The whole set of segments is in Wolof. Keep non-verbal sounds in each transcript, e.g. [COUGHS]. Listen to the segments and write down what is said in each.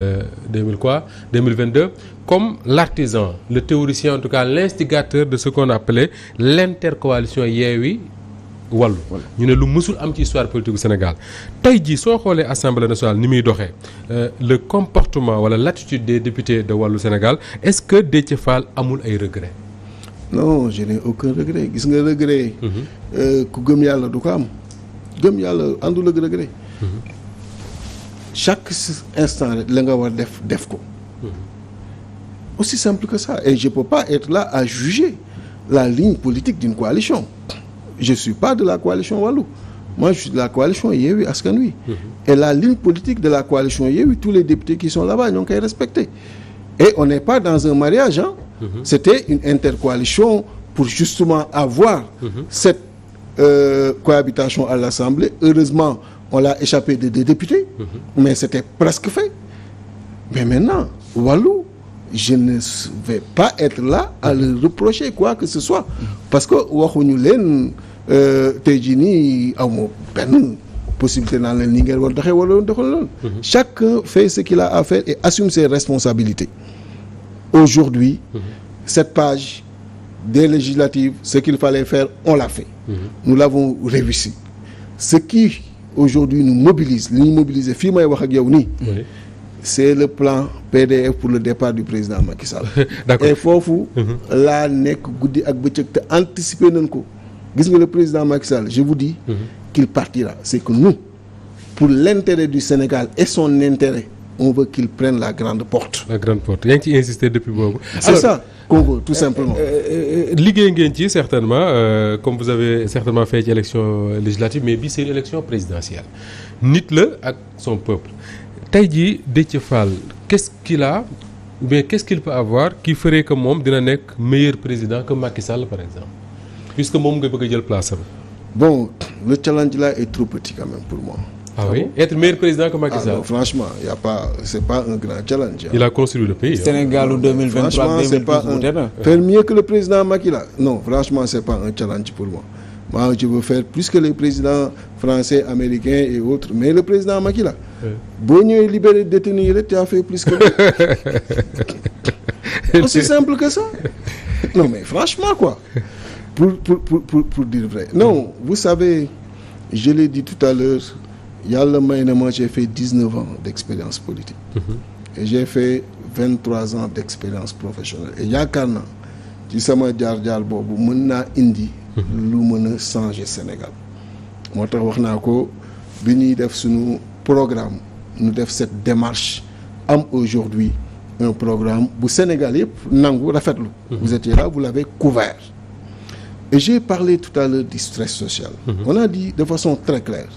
2003 euh, 2022 comme l'artisan le théoricien en tout cas l'instigateur de ce qu'on appelait l'intercoalition Yewwi Wallu ñu ne lu mësul am ci histoire politique Sénégal tey jii soo xoolee assemblée nationale ni muy doxee euh, le comportement wala l'attitude des députés de Wallu Sénégal est-ce que Déthié Fall amul ay regret non je n'ai aucun regret gis nga regret mhm. euh, ku gëm yàlla du ko am gëm yàlla àndul ak regret mhm. chaque instant rek la nga war def def ko mm-hmm. aussi simple que ça et je peux pas être là à juger la ligne politique d'une coalition je suis pas de la coalition Wallu moi je la coalition Yewwi Askan Wi mm-hmm. et la ligne politique de la coalition Yewwi tous les députés qui sont là-bas ñoo ngi koy et on n'est pas dans un mariage hein mm-hmm. c'était une intercoalition pour justement avoir cette euh, cohabitation à l'Assemblée heureusement on l'a échappé de deux députés mmh. mais c'était presque fait mais maintenant wàllu je ne vais pas être là à le reprocher quoi que ce soit mm-hmm. parce que waxuñu leen euh, tey jii nii amoo benn possibilité naan leen ni ngeen war doxee wala doxal loolu mm-hmm. chacun fait ce qu'il a à faire et assume ses responsabilités aujourd'hui mmh. cette page des législatives ce qu'il fallait faire on l'a fait mm-hmm. nous l'avons réussi aujourd'hui nous mobilise li ñu mobiliser fii may wax ak yow nii c'est le plan PDF pour le départ du président Macky Sall [LAUGHS] et foofu mhm. laa nekk guddi ak bëccëg te anticiper nañ ko gis nga le président Macky Sall je vous dis mhm. qu'il partira c'est que nous pour l'intérêt du Sénégal et son intérêt on veut qu'ils prennent la grande porte. la grande porte yaa ngi ci insister depuis boobu. Euh, euh, euh, liggéey ngeen ci certainement euh, comme vous avez certainement fait ci élection législative mais bi c'est une élection présidentielle nit la ak son peuple tey ji Déthié Fall qu'est-ce qu'il a ou bien qu'est-ce avoir qui ferait que moom dina nekk meilleur président que Macky Sall par exemple puisque moom nga bëgg a jël place am. bon le challenge là est trop petit pour moi. Ah, ah oui bon? Être meilleur président que Macky Sall. Ah non, franchement, il y a pas c'est pas un grand challenge. Il a construit le pays. Sénégal 2023 ah, franchement, c'est pas un, faire mieux franchement, c'est pas un challenge pour moi. je veux faire plus que les présidents français, américains et autres, mais le président Macky là. Boo ñëwee libéré détenu yi rek, tu as fait plus que lui. [LAUGHS] Aussi simple que ça. Non mais franchement quoi. Pour pour pour pour, pour dire vrai. Non, vous savez, je l'ai dit tout à l'heure yàlla may na moo j'ai fait dix-neuf ans d'expérience politique mhm. et j'ai fait trois ans d'expérience professionnelle et yaakaar na ci sama jaar-jaar boobu mën naa indi mhm. lu mën a changer Sénégal moo tax wax naa ko bi ñuy def suñu programme ñu def cette démarche am aujourd'hui un programme bu Sénégal yëpp nangu rafetlu mhm. vous étiez là vous l'avez couvert et j'ai parlé tout à l'heure du stress social on a dit de façon très claire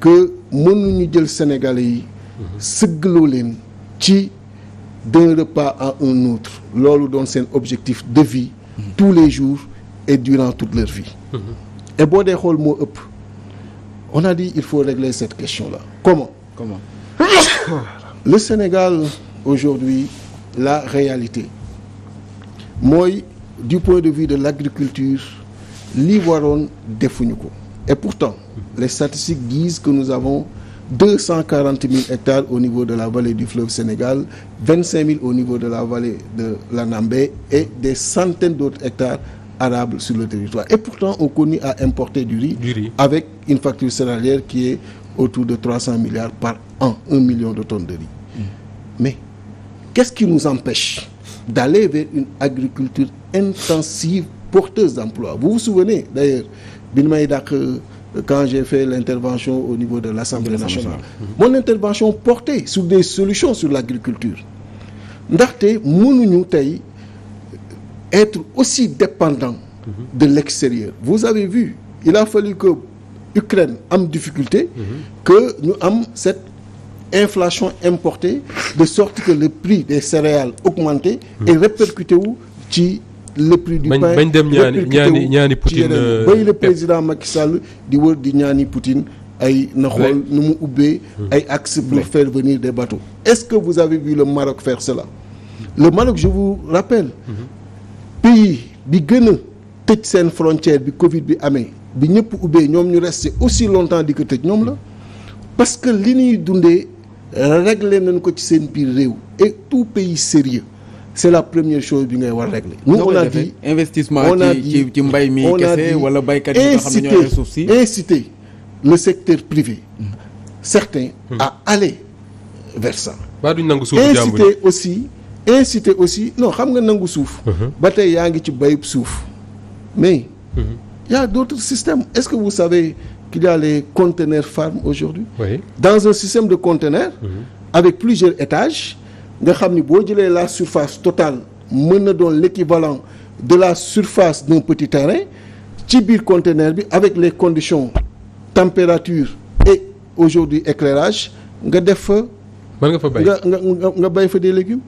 que mënuñu jël Sénégalais yi sëggaloo leen ci d'un repas à un autre loolu doon seen objectif de vie tous les jours et durant toute leur vie et boo dee xool moo ëpp on a dit il faut régler cette question la comment comment [COUGHS] le Sénégal aujourd'hui la réalité mooy du point de vue de l'agriculture li waroon defuñu ko Et pourtant, les statistiques disent que nous avons 240 000 hectares au niveau de la vallée du fleuve Sénégal, 25 000 au niveau de la vallée de des centaines d'autres hectares arables sur le territoire. Et pourtant, on connaît à importer du riz, du riz, avec une facture salariale par an, 1 million de tonnes de riz. Mm. Mais qu'est-ce porteuses d'emploi vous vous souvenez d'ailleurs bi nu may dàq euh, quand j'ai fait l'intervention au niveau de l'Assemblée nationale mon intervention portait sur des solutions sur l'agriculture ndaxte mënuñu tey être aussi dépendant mhm. de l'extérieur vous avez vu il a fallu que Ukraine am difficulté mhm. que ñu am cette inflation importée de sorte que le prix des céréales augmenté et mhm. répercuté wu ci le prix du pain bañ dem ñaani ñaani ñaani Poutine euh, bay le président Macky Sall di wër di ñaani Poutine ay na xool nu mu ubbee hmm. ay axes pour faire venir des bateaux est-ce que vous avez vu le Maroc faire cela le Maroc je vous rappelle hmm. pays bi gën a tëj seen frontière bi Covid bi amee bi ñëpp ubbee ñoom ñu resté aussi longtemps di ko tëj ñoom la parce que li ñuy dundee réglé nañ ko ci seen biir réew et tout pays sérieux c'est la première chose bi ngay war régler. nous on a dit investissement ci ci mbay mi kese wala baykat yi nga xam ne ñoo suuf si inciter le secteur privé certains hmm. à aller vers duñ nangu suuf jàmbur inciter aussi inciter aussi non xam nga nangu suuf. Hmm. ba tey yaa ngi ci bayub suuf mais. Hmm. y a d'autres systèmes est-ce que vous savez qu'il y a les conteneurs farm aujourd'hui dans un système de conteneurs. avec plusieurs étages. nga xam ni boo jëlee la surface totale mën na doon l'équivalent de la surface d'un petit terrain ci biir conteneur bi avec les conditions température et aujourd'hui éclairage nga def fa mën nga fa bay nga nga nga bay fa des légumes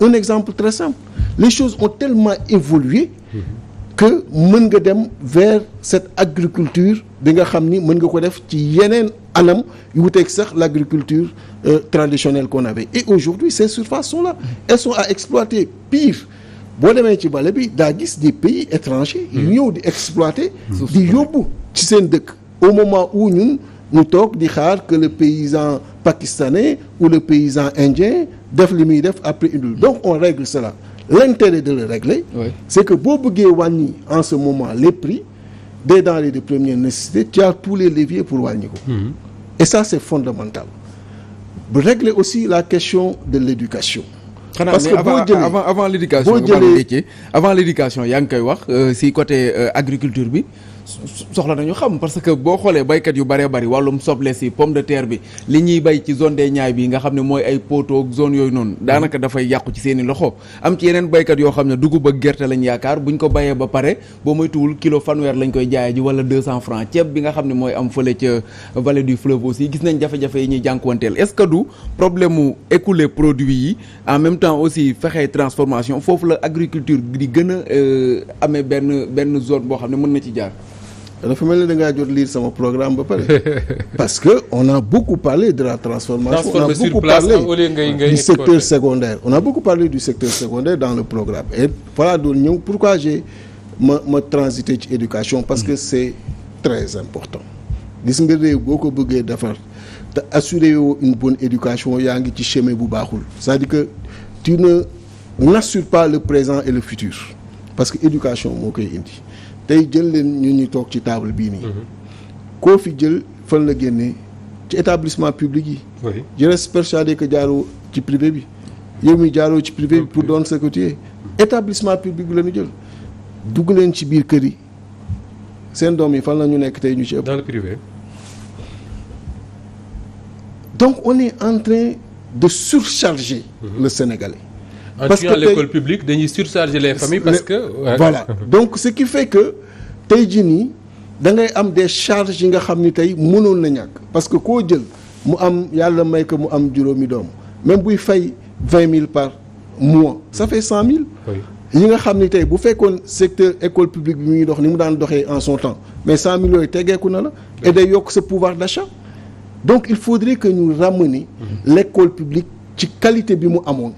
un exemple très simple les choses ont tellement évolué mm-hmm. que mën nga dem vers cette agriculture bi nga xam ni mën nga ko def ci yeneen anam yu wuteeg sax l' agriculture euh, traditionnelle qu'on avait et aujourd'hui ces surfaces sont là elles sont à exploiter pire boo demee ci bale bi daa gis des pays étrangers yu hmm. ñëw di exploiter di yóbbu ci seen dëkk au moment où ñun ñu toog di xaar que le paysan pakistanais ou le paysan indien def li muy def après indul donc on règle cela l'intérêt de le régler oui. c'est que boo bëggee wàññi en ce moment les prix des denrées de première nécessité tu as tous les leviers pour wàññi ko mm -hmm. et ça c'est fondamental bu régler aussi la question de l'éducation parce que boo jëlee avant avant l'éducation boo avant l'éducation yaa ngi koy wax euh, si côté euh, agriculture bi soxla nañu xam parce que boo xoolee baykat yu bëree bëri wàllum soble si pomme de terre bi li ñuy bay ci zone des Niayes bi nga xam ne mooy ay poteaux zone yooyu noonu daanaka dafay yàqu ci seeni i loxo am ci yeneen baykat yoo xam ne dugub ak gerte lañ yaakaar buñ ko bayee ba pare boo moytuwul kilo fanweer lañ koy jaayee ji wala 200 francs ceeb bi nga xam ne mooy am fële ca vallée du fleuve aussi gis nañ jafe-jafe yi ñuy jànkuwanteel est-ce que du problème écouler produit yi en même temps aussi fexe transformation foofu la agriculture di gën a euh, amee benn benn zone boo xam ne mën na ci jaar dafa mel ni da ngaa jot lire sama programme ba pare [LAUGHS] parce que on a beaucoup parlé de la transformation on a beaucoup parlé du secteur secondaire on a beaucoup parlé du secteur secondaire dans le programme et voilà doon ñëw pourquoi j'ai ma ma transité ci éducation parce que mm. c'est très important gis nga réew boo ko bëggee defar te assurer yoo une bonne éducation yaa ngi ci chemin bu baaxul c'est-à-dire que tu ne n'assures pas le présent et le futur parce que éducation moo indi tey jël leen ñu ñuy toog ci taable bii nii. Mhm. koo fi jël fan la génnee ci établissement public yi. oui je reste persuadé que jaaroo ci privé bi yow mi jaaroo ci privé bi pour doon secrétaire établissement public bi la ñu jël dugg leen ci biir kër yi seen doom yi fan la ñu nekk tey ñu ci ëpp. donc on est en train de surcharger. Mmh. le Ah, parce que l'école publique dañuy surcharger les familles parce que voilà donc ce tey jii nii da ngay am des charges yi nga xam ni tey mënoon na ñàkk parce que koo jël mu am yàlla may ko mu am juróomi doom même buy fay vingt mille par mois ça fait cent mille ñi nga xam ni tey bu fekkoon secteur école publique bi mu ngi dox ni mu daan doxee en son temps mais cent mille yooyu tegeeku na la et day yokk sa pouvoir d'achat donc il faudrait que ñu ni mm-hmm. l'école publique ci qualité bi mu amoon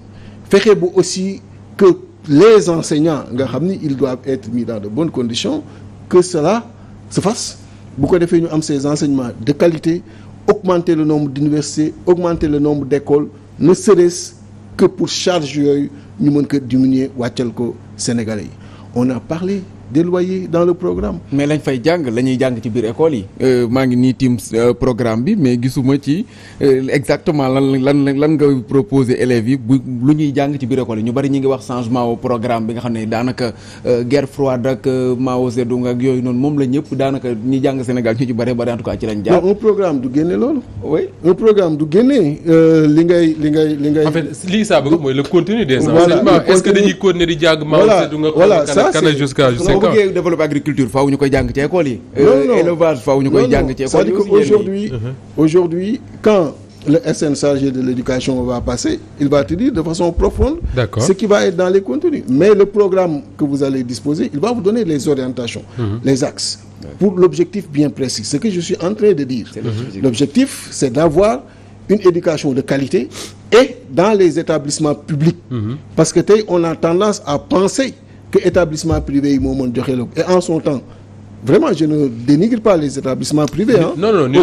fexe bu aussi que les enseignants nga xam ni ils doivent être mis dans de bonnes conditions que cela se fasse bu ko defee ñu am ces enseignements de qualité augmenter le nombre d'universités augmenter le nombre d'écoles ne serait-ce que pour charge yooyu ñu mën ko diminuer wàccal ko Sénégalais yi on a parlé des loyers dans le programme. mais lañ fay jàng la ñuy jàng ci biir école yi. Euh, maa ngi nii tiim euh, programme bi mais gisuma ci euh, exactement lan lan lan nga proposer élèves yi bu lu ñuy jàng ci biir école yi ñu bari ñu ngi wax changement au programme bi nga xam ne daanaka guerre froide ak Mao Zedong ak yooyu noonu moom la ñëpp daanaka ñi jàng Sénégal ñu ci bari bari en tout cas ci lañ jàng. non un programme du génne loolu. oui un programme du li ngay li ngay li ngay. en fait saa mooy le contenu des enseignements. di jàng Mao Zedong. voilà ça boo bëggee développer agriculture faaw ñu koy jàng ci école yi. élevage faaw cest qu'aujourd'hui [LAUGHS] quand le SN chargé de l'éducation va passer il va te dire de façon profonde ce qui va être dans les contenus mais le programme que vous allez disposer il va vous donner les orientations mm-hmm. les axes pour l'objectif bien précis ce que je suis en train de dire l'objectif c'est d'avoir une éducation de qualité et dans les établissements publics mm-hmm. parce que tey on a tendance à penser que établissement privé yi moo joxe la et en son temps vraiment je ne dénigre pas les établissements privés non non il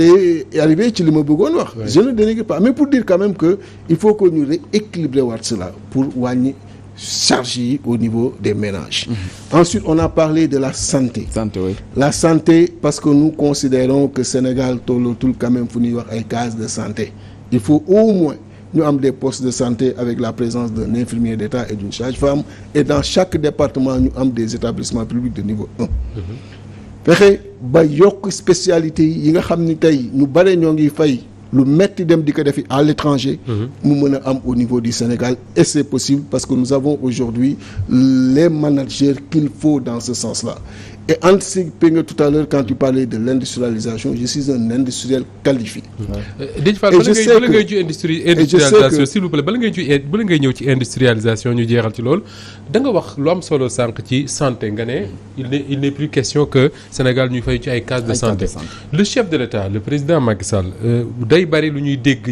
est arrivé ci li ma bëggoon wax. je ne dénigre pas mais pour dire quand même que il faut que ñu rééquilibrer cela pour wàññi charge yi au niveau des ménages. Mmh. ensuite on a parlé de la santé. santé la santé parce que nous considérons que Sénégal tollootul quand même fu ñuy wax ay cases de santé il faut au moins. ñu am des postes de santé avec la présence d'un infirmier d'État et d'une sage-femme et dans chaque département ñu am des établissements publics de niveau un fexe ba yokk spécialité yi nga xam ni tey ñu bare ñoo ngi fay lu metti dem di ko defi à l'étranger mu mën a am au niveau du Sénégal et c'est possible parce que nous avons aujourd'hui les managers qu'il faut dans ce sens la Et anticiper tout à l'heure quand tu parlais de l'industrialisation, je suis un industriel qualifié. Euh, Déthié Fall bala ngay ñëw ci industrialisation ñu jeexal ci loolu da wax lu am solo sànq ci santé nga ne il n'est plus question que Sénégal ñuy fay ci ay cases de santé le chef de l'État le président Macky euh, day bari lu ñuy dégg